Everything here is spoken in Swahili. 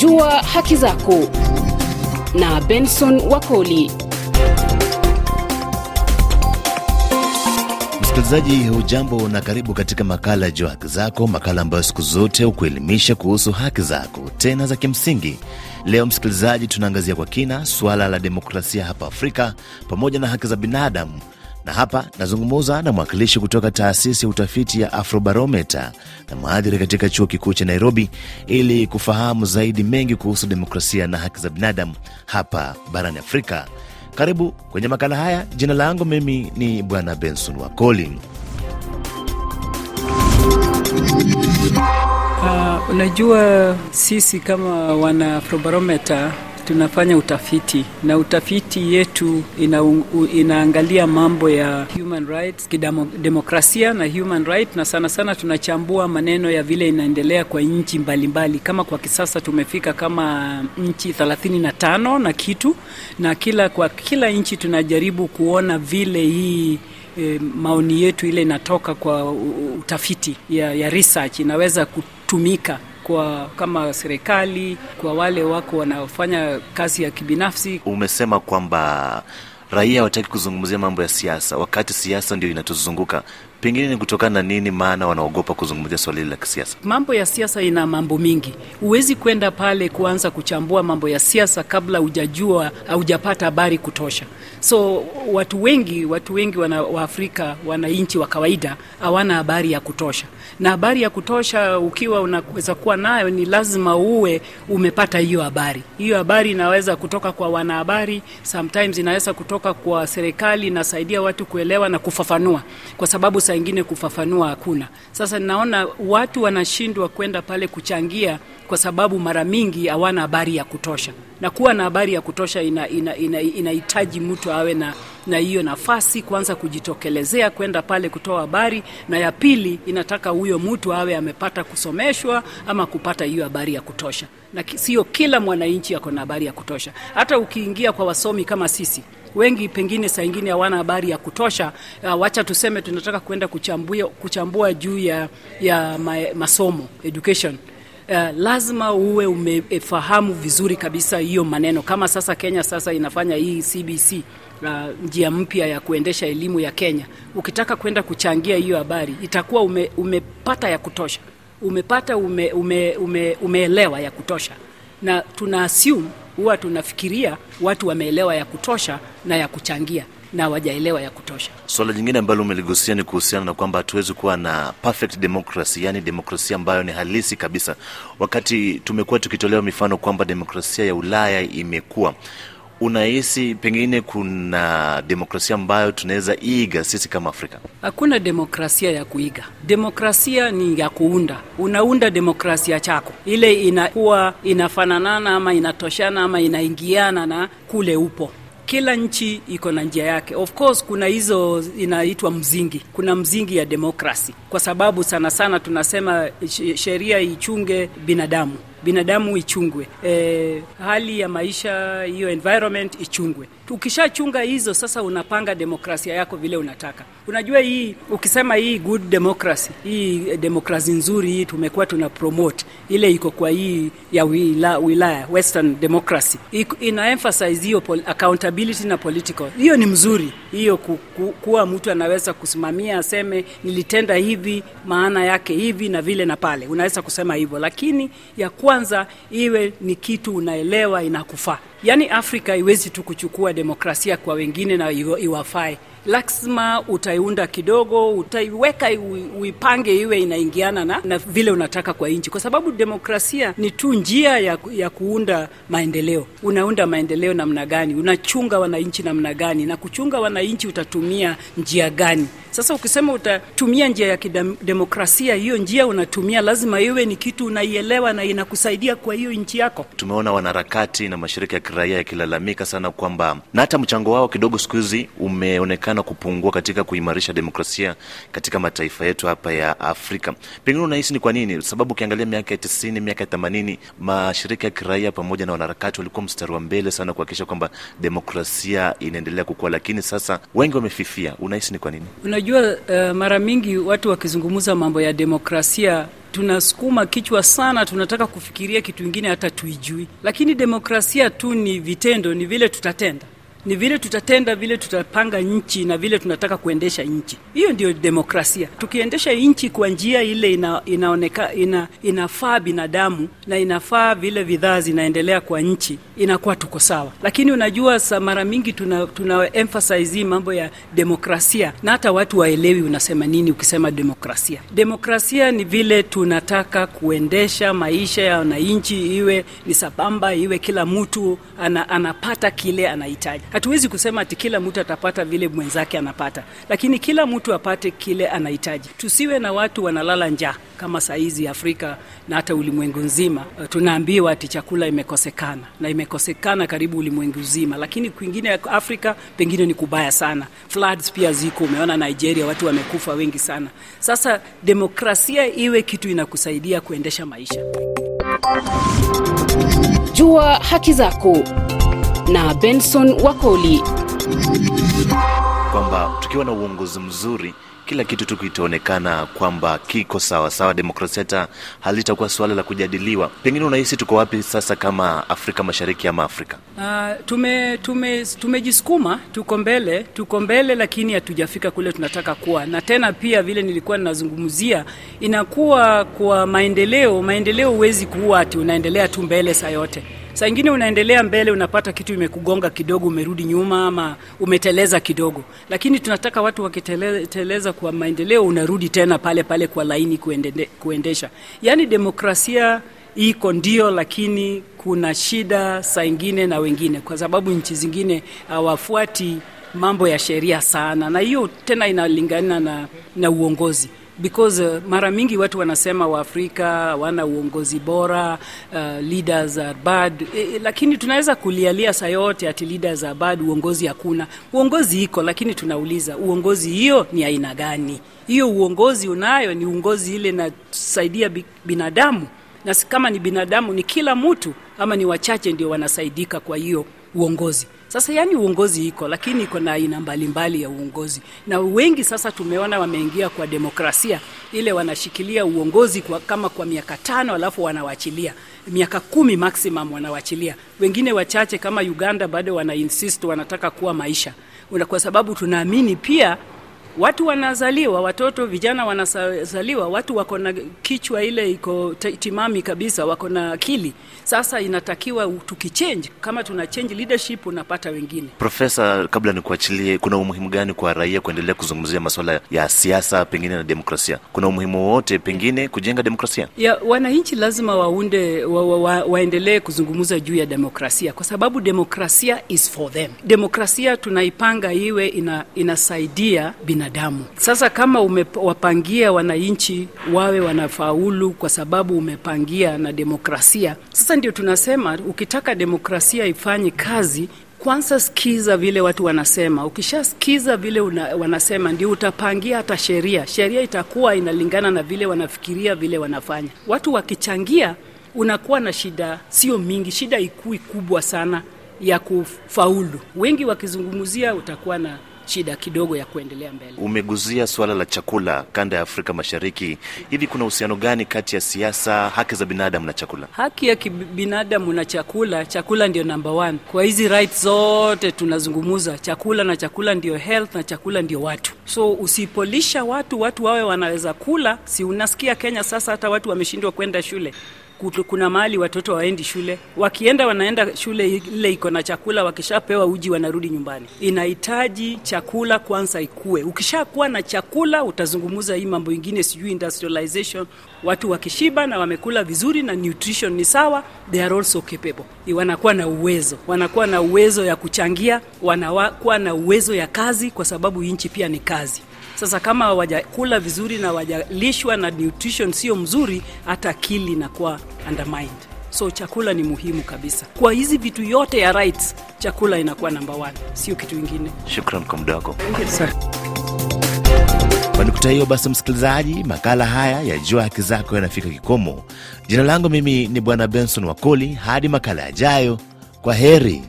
Jua haki zako na Benson Wakoli. Msikilizaji, hujambo na karibu katika makala ya Jua Haki Zako, makala ambayo siku zote hukuelimisha kuhusu haki zako tena za kimsingi. Leo msikilizaji, tunaangazia kwa kina suala la demokrasia hapa Afrika pamoja na haki za binadamu na hapa nazungumza na mwakilishi kutoka taasisi ya utafiti ya Afrobarometa na mhadhiri katika chuo kikuu cha Nairobi ili kufahamu zaidi mengi kuhusu demokrasia na haki za binadamu hapa barani Afrika. Karibu kwenye makala haya. Jina langu mimi ni Bwana Benson Wakoli. Uh, unajua sisi kama wana Afrobarometa tunafanya utafiti na utafiti yetu ina, inaangalia mambo ya human rights, kidemokrasia na human right, na sana sana tunachambua maneno ya vile inaendelea kwa nchi mbalimbali. Kama kwa kisasa tumefika kama nchi 35 na kitu, na kila kwa kila nchi tunajaribu kuona vile hii E, maoni yetu ile inatoka kwa utafiti ya, ya research inaweza kutumika kwa kama serikali, kwa wale wako wanaofanya kazi ya kibinafsi. Umesema kwamba raia hawataki kuzungumzia mambo ya siasa, wakati siasa ndio inatuzunguka Pengine ni kutokana na nini, maana wanaogopa kuzungumzia swala hili la kisiasa? Mambo ya siasa ina mambo mingi, huwezi kwenda pale kuanza kuchambua mambo ya siasa kabla hujajua, haujapata habari kutosha. So watu wengi, watu wengi wana, wa Afrika, wananchi wa kawaida hawana habari ya kutosha, na habari ya kutosha ukiwa unaweza kuwa nayo ni lazima uwe umepata hiyo habari. Hiyo habari inaweza kutoka kwa wanahabari, sometimes inaweza kutoka kwa serikali, inasaidia watu kuelewa na kufafanua kwa sababu sa ingine kufafanua hakuna. Sasa naona watu wanashindwa kwenda pale kuchangia kwa sababu mara mingi hawana habari ya kutosha, na kuwa na habari ya kutosha inahitaji ina, ina mtu awe na na hiyo nafasi kwanza kujitokelezea kwenda pale kutoa habari, na ya pili inataka huyo mtu awe amepata kusomeshwa ama kupata hiyo habari ya kutosha, na sio kila mwananchi ako na habari ya kutosha. Hata ukiingia kwa wasomi kama sisi wengi pengine saa ingine hawana habari ya kutosha. Uh, wacha tuseme tunataka kuenda kuchambua, kuchambua juu ya, ya ma, masomo education Uh, lazima uwe umefahamu vizuri kabisa hiyo maneno. Kama sasa Kenya sasa inafanya hii CBC uh, ah, njia mpya ya kuendesha elimu ya Kenya, ukitaka kwenda kuchangia hiyo habari itakuwa ume, umepata ya kutosha, umepata ume, ume, ume, umeelewa ya kutosha, na tuna assume huwa tunafikiria watu wameelewa ya kutosha na ya kuchangia na wajaelewa ya kutosha. Swala so, jingine ambalo umeligusia ni kuhusiana na kwamba hatuwezi kuwa na perfect democracy, yani demokrasia ambayo ni halisi kabisa, wakati tumekuwa tukitolewa mifano kwamba demokrasia ya Ulaya imekuwa Unahisi pengine kuna demokrasia ambayo tunaweza iiga sisi kama Afrika? Hakuna demokrasia ya kuiga. Demokrasia ni ya kuunda, unaunda demokrasia chako, ile inakuwa inafananana ama inatoshana ama inaingiana na kule upo kila nchi iko na njia yake. Of course kuna hizo inaitwa mzingi, kuna mzingi ya demokrasi, kwa sababu sana sana tunasema sheria ichunge binadamu binadamu ichungwe, e, hali ya maisha hiyo environment ichungwe. Ukishachunga hizo sasa, unapanga demokrasia yako vile unataka. Unajua hii ukisema hii good democracy, hii demokrasi nzuri hii tumekuwa tuna promote ile iko kwa hii ya wila, wilaya western democracy ina emphasize hiyo accountability na political. Hiyo ni mzuri hiyo, ku, ku, kuwa mtu anaweza kusimamia aseme nilitenda hivi, maana yake hivi na vile na pale, unaweza kusema hivyo, lakini ya kuwa kwanza iwe ni kitu unaelewa inakufaa. Yaani Afrika iwezi tu kuchukua demokrasia kwa wengine na iwafae lazima utaiunda kidogo, utaiweka uipange iwe inaingiana na, na vile unataka kwa nchi, kwa sababu demokrasia ni tu njia ya, ya kuunda maendeleo. Unaunda maendeleo namna gani? Unachunga wananchi namna gani? Na kuchunga wananchi utatumia njia gani? Sasa ukisema utatumia njia ya kidemokrasia, hiyo njia unatumia lazima iwe ni kitu unaielewa na inakusaidia kwa hiyo nchi yako. Tumeona wanaharakati na mashirika ya kiraia yakilalamika sana kwamba na hata mchango wao kidogo siku hizi umeonekana inaonekana kupungua katika kuimarisha demokrasia katika mataifa yetu hapa ya Afrika. Pengine unahisi ni kwa nini? Sababu ukiangalia miaka ya tisini, miaka ya themanini, mashirika ya kiraia pamoja na wanaharakati walikuwa mstari wa mbele sana kuhakikisha kwamba demokrasia inaendelea kukua, lakini sasa wengi wamefifia. Unahisi ni kwa nini? Unajua, uh, mara mingi watu wakizungumza mambo ya demokrasia tunasukuma kichwa sana, tunataka kufikiria kitu ingine hata tuijui, lakini demokrasia tu ni vitendo, ni vile tutatenda ni vile tutatenda, vile tutapanga nchi na vile tunataka kuendesha nchi. Hiyo ndio demokrasia. Tukiendesha nchi kwa njia ile ina, inaoneka, ina, inafaa binadamu na inafaa vile vidhaa zinaendelea kwa nchi, inakuwa tuko sawa. Lakini unajua sa mara mingi tuna, tuna emphasize mambo ya demokrasia na hata watu waelewi unasema nini ukisema demokrasia. Demokrasia ni vile tunataka kuendesha maisha ya wananchi, iwe ni sabamba, iwe kila mtu ana, anapata kile anahitaji Hatuwezi kusema ati kila mtu atapata vile mwenzake anapata, lakini kila mtu apate kile anahitaji. Tusiwe na watu wanalala njaa kama saa hizi Afrika na hata ulimwengu nzima. Uh, tunaambiwa ati chakula imekosekana na imekosekana karibu ulimwengu nzima, lakini kwingine Afrika pengine ni kubaya sana. Floods pia ziko, umeona Nigeria watu wamekufa wengi sana. Sasa demokrasia iwe kitu inakusaidia kuendesha maisha. Jua haki zako na Benson Wakoli kwamba tukiwa na uongozi mzuri kila kitu tu kitaonekana kwamba kiko sawa sawa, demokrasia halitakuwa suala la kujadiliwa. Pengine unahisi tuko wapi sasa kama Afrika Mashariki ama Afrika? Uh, tume, tume, tumejisukuma, tuko mbele, tuko mbele, lakini hatujafika kule tunataka kuwa. Na tena pia vile nilikuwa ninazungumzia, inakuwa kwa maendeleo, maendeleo huwezi kuwa ati unaendelea tu mbele saa yote Saa ingine unaendelea mbele, unapata kitu imekugonga kidogo, umerudi nyuma ama umeteleza kidogo, lakini tunataka watu wakiteleza kwa maendeleo, unarudi tena pale pale kwa laini kuendende, kuendesha. Yaani demokrasia iko ndio, lakini kuna shida saa ingine na wengine, kwa sababu nchi zingine hawafuati mambo ya sheria sana, na hiyo tena inalingana na, na uongozi because uh, mara mingi watu wanasema Waafrika wana uongozi bora uh, leaders are bad e, e, lakini tunaweza kulialia saa yote ati leaders are bad, uongozi hakuna. Uongozi iko, lakini tunauliza uongozi hiyo ni aina gani? Hiyo uongozi unayo ni uongozi ile inasaidia binadamu, na kama ni binadamu ni kila mtu ama ni wachache ndio wanasaidika kwa hiyo uongozi. Sasa yani uongozi iko, lakini iko na aina mbalimbali ya uongozi, na wengi sasa tumeona wameingia kwa demokrasia ile, wanashikilia uongozi kwa, kama kwa miaka tano alafu wanawachilia miaka kumi maximum wanawachilia. Wengine wachache kama Uganda bado wana insist wanataka kuwa maisha una, kwa sababu tunaamini pia watu wanazaliwa, watoto vijana wanazaliwa, watu wako na kichwa ile iko timami kabisa, wako na akili. Sasa inatakiwa tukichange, kama tuna change leadership, unapata wengine. Profesa, kabla nikuachilie, kuna umuhimu gani kwa raia kuendelea kuzungumzia masuala ya siasa pengine na demokrasia? Kuna umuhimu wowote pengine kujenga demokrasia ya wananchi? Lazima waunde wa, wa, wa, waendelee kuzungumza juu ya demokrasia, kwa sababu demokrasia is for them. Demokrasia tunaipanga iwe ina, inasaidia bina binadamu. Sasa kama umewapangia wananchi wawe wanafaulu kwa sababu umepangia na demokrasia, sasa ndio tunasema ukitaka demokrasia ifanye kazi kwanza sikiza vile watu wanasema. Ukishasikiza vile una, wanasema ndio utapangia hata sheria. Sheria itakuwa inalingana na vile wanafikiria, vile wanafanya. Watu wakichangia, unakuwa na shida sio mingi, shida ikui kubwa sana ya kufaulu. Wengi wakizungumzia, utakuwa na shida kidogo ya kuendelea mbele. Umeguzia suala la chakula kanda ya Afrika Mashariki. Hivi kuna uhusiano gani kati ya siasa, haki za binadamu na chakula? Haki ya kibinadamu na chakula, chakula ndio namba one kwa hizi rights zote tunazungumuza, chakula na chakula ndio health na chakula ndio watu. So usipolisha watu, watu wawe wanaweza kula, si unasikia Kenya sasa hata watu wameshindwa kwenda shule kutu, kuna mahali watoto waendi shule, wakienda wanaenda shule ile iko na chakula, wakishapewa uji wanarudi nyumbani. Inahitaji chakula kwanza ikue, ukishakuwa na chakula utazungumza hii mambo ingine, sijui industrialization. Watu wakishiba na wamekula vizuri na nutrition ni sawa, they are also capable, wanakuwa na uwezo, wanakuwa na uwezo ya kuchangia, wanakuwa na uwezo ya kazi, kwa sababu nchi pia ni kazi. Sasa kama hawajakula vizuri na wajalishwa na nutrition sio mzuri, hata akili inakuwa undermined. So chakula ni muhimu kabisa kwa hizi vitu yote ya rights, chakula inakuwa namba one, sio kitu ingine. Shukran kwa muda wako. Kwa nukta hiyo basi, msikilizaji, makala haya ya Jua Haki Zako yanafika kikomo. Jina langu mimi ni Bwana Benson Wakoli. Hadi makala yajayo, kwa heri.